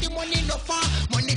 the money no far. Money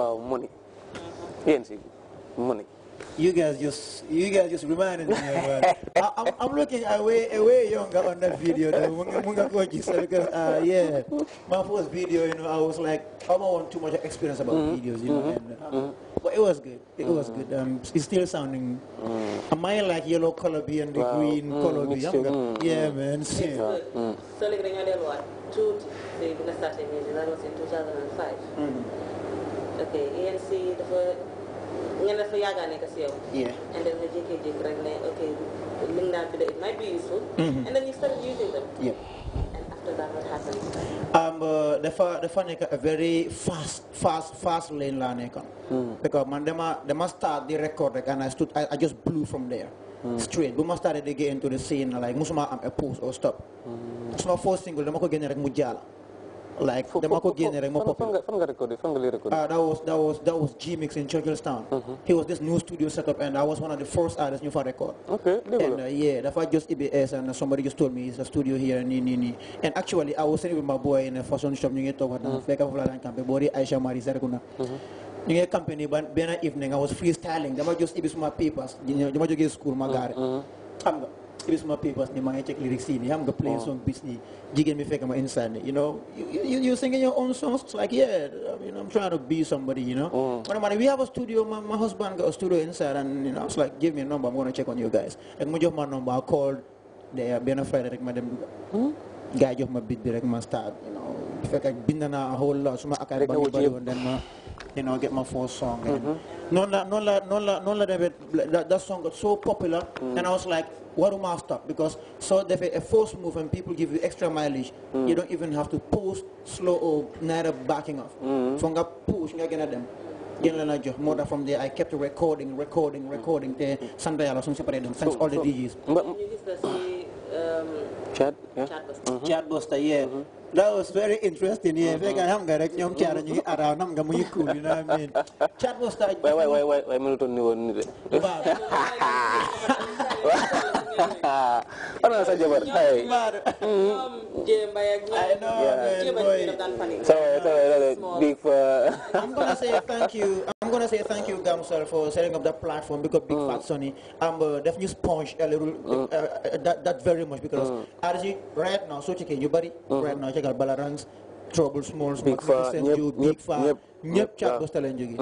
wow, money. ANC, money. You guys just, you guys just reminded me of uh, I, am looking a way, a way younger on that video, the Munga because, uh, yeah, my first video, you know, I was like, I don't want too much experience about mm -hmm. videos, you know, mm -hmm. and, uh, mm-hmm. but it was good. It mm -hmm. was mm-hmm. good. Um, it's still sounding, mm. Mm-hmm. am I like yellow color B and the wow. green mm, color B? Yeah, man. It's yeah. good. Mm. So, like, when I that was in 2005. Okay, ANC dafa ngeen dafa yaaga nekk si yow. Yeah. And then nga jékki-jékki rek ne okay, li nga daan it might be useful. Mm And then you start using them. Yeah. And after that, what happened? Um, uh, dafa dafa nekk a very fast fast fast lane laa nekkoon. Mm. Because man dama dama start di record rek and I stood I, I just blew from there. Mm. straight. But ma started to get into the scene, like, musuma am a pause or stop. Mm. So my first single, I'm going to get like the ko génne rek ma pop fan nga recordé fan nga lay recordé ah that was that was that was G-Mix in Churchillstown he was this new studio set up and I was one of the first artists new for record okay and uh, yeah dafa just EBS and somebody just told me it's a studio here nii ni ni. and actually I was sitting with my boy in a fashion shop ñu ngi toog waxtaan fekk fa la daan campé boori Aisha Marie Sarekunda ñu ngi company ba benn evening I was freestyling They might just give me suma papers might dama jógee school my ma gaare xam nga Chris my papers ni mga check lyrics ni I'm gonna play oh. ni you know you, you your own songs like yeah I mean I'm trying to be somebody you know oh. we have a studio my, husband got a studio inside and you know give me a number I'm check on you guys like mo jox number I called they are rek ma dem guy jox ma bi rek ma start you know fekk bind whole lot suma akay ba bari woon ma you know, get my first song. Mm -hmm. no, no, no. that, no, that, that, song got so popular, mm. and I was like, what do I stop? Because so they a force move and people give you extra mileage. Mm. You don't even have to post slow or neither backing off. So mm. I push, you get at them. More from there, I kept recording, recording, recording. The eh, Sunday I was on separate them. Thanks all the DJs. But, um, Chad, Chat, yeah. Chat mm-hmm. Buster, yeah. -hmm. That was very interesting. Yeah, mm-hmm. vega ham garek ñom ci ara ñi you know what I mean? Chat was that Wait, wait, wait, wait, wait, Milton ni won ni de. Ana sa jabar. Hey. Um, jemba ya gna. I know, yeah. man, boy. big for I'm gonna say thank you. I'm gonna say thank you, Gamsal, for setting up that platform because Big uh. Fat Sonny, i uh, definitely sponge a little uh. Uh, uh, that, that very much because RG right now, so check your body uh-huh. right now, check out Balarangs, Trouble Smalls, Big Fat, Big Fat, ñëpp chat bosta lañ jógee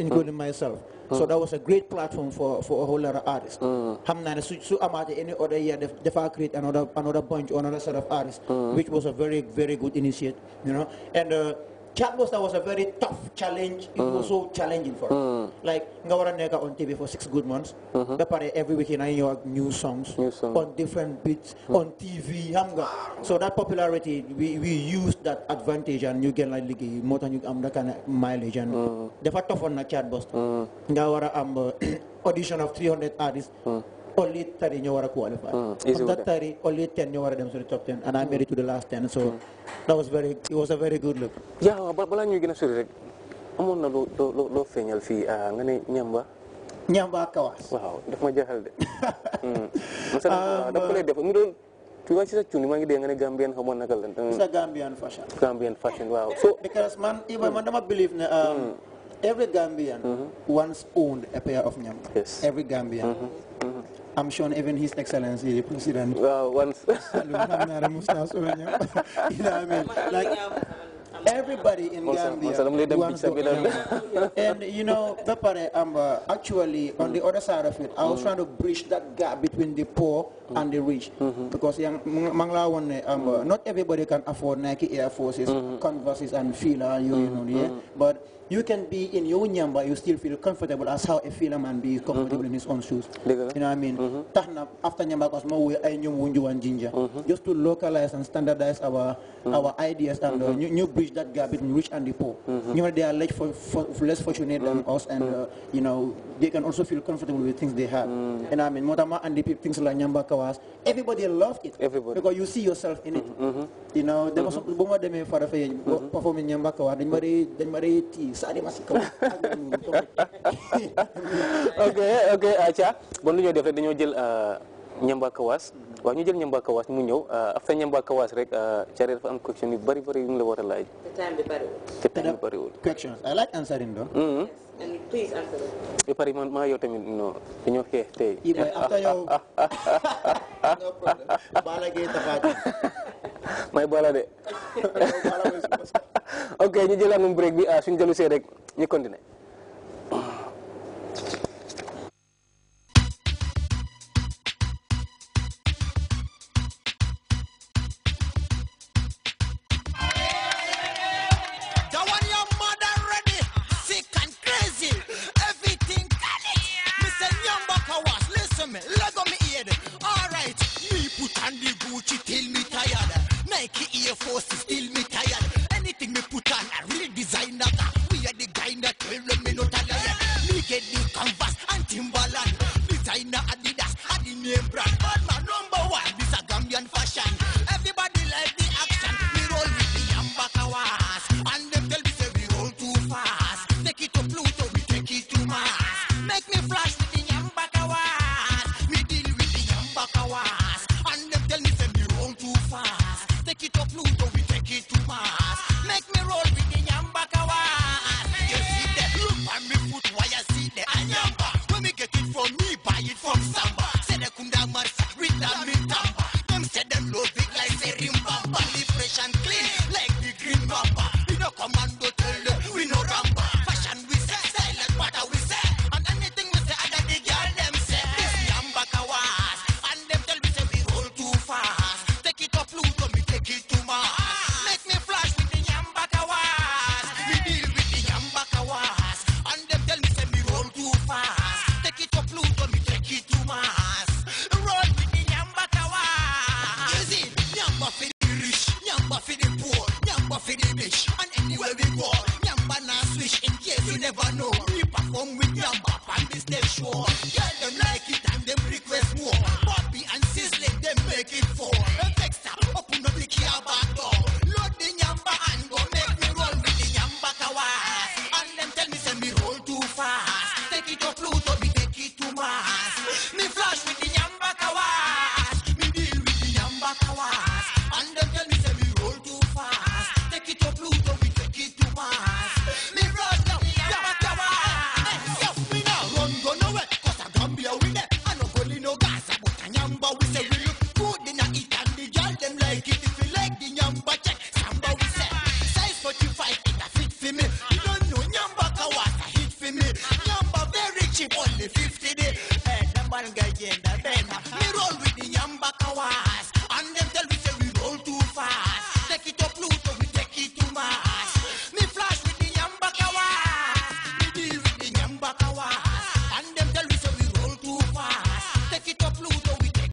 including uh-huh. myself uh-huh. so that was a great platform for for a whole lot of artists not so so, I'm amaatee any other year far create another another bunch another set of artists which was a very very good initiate you know and uh, Chagos, that was a very tough challenge. It mm. was so challenging for us. Mm. Like, Ngawara Nega on TV for six good months. Mm -hmm. Every week I knew new songs new song. on different beats, mm. on TV. Hamga. So that popularity, we, we used that advantage and you get like more than you am um, that kind of mileage. And mm. they were tough on the Chagos. Mm. Ngawara um, audition of 300 artists. Mm only 30 new war qualified. that 30 only 10 new were a dem the top 10 and I made it to the last 10 so mm. that was very it was a very good look. yaa balaa ñuy gën a sori rek amoon na loo loo loo feeñal fii nga ne ñamba. ñamba kawaas. waaw daf ma mm. jaaxal de. masalan dafa lay def mu doon tuuti si sa cunni maa ngi dégg nga ne Gambian xamoon naka la. sa Gambian fashion. Gambian fashion waaw. so because man Iba mm. man dama believe ne. Um, every Gambian. Mm-hmm. once owned a pair of ñamba. every Gambian. Mm-hmm. I'm sure even His Excellency, the President. Well, once. you know what I mean? Like, everybody in Gambia wants to and you know, Bapare, I'm uh, actually on the other side of it. I was mm. trying to bridge that gap between the poor mm. and the rich mm-hmm. because um, mm. not everybody can afford Nike Air Forces, mm-hmm. Converses, and Fila, you, mm-hmm. know, yeah. But you can be in your nyamba, you still feel comfortable as how a fila man be comfortable in his own shoes. You know what I mean? Tahna after nyamba cause we ay wunju and ginger. Just to localize and standardize our our ideas and uh, new, new preach that garbage and rich and the poor. Mm-hmm. You know, they are less, for, for, less fortunate than mm-hmm. us, and uh, you know, they can also feel comfortable with things they have. Mm. And I mean, Motama and the things like Nyamba Kawas, everybody loved it. Everybody. Because you see yourself in it. Mm-hmm. Mm-hmm. You know, there was Boma Deme Farafe performing Nyamba Kawas, then Marie, then Marie T, Sadi Masikawa. Okay, okay, Acha bon you're definitely going to dañoo kawas waaw ñu jël ñamba kawaas mu ñëw euh, after ñamba kawas rek Jare euh, dafa am question yu bari bari yu ñu la laaj. te time bi bariwul. time questions I like answering though. Mm-hmm. and please answer them. ba man maa yow tamit non dañoo yi after yow. no problem. Baala Gueye may Baala de. ñu break bi ah, suñu jëlu see rek ñu Buffer the image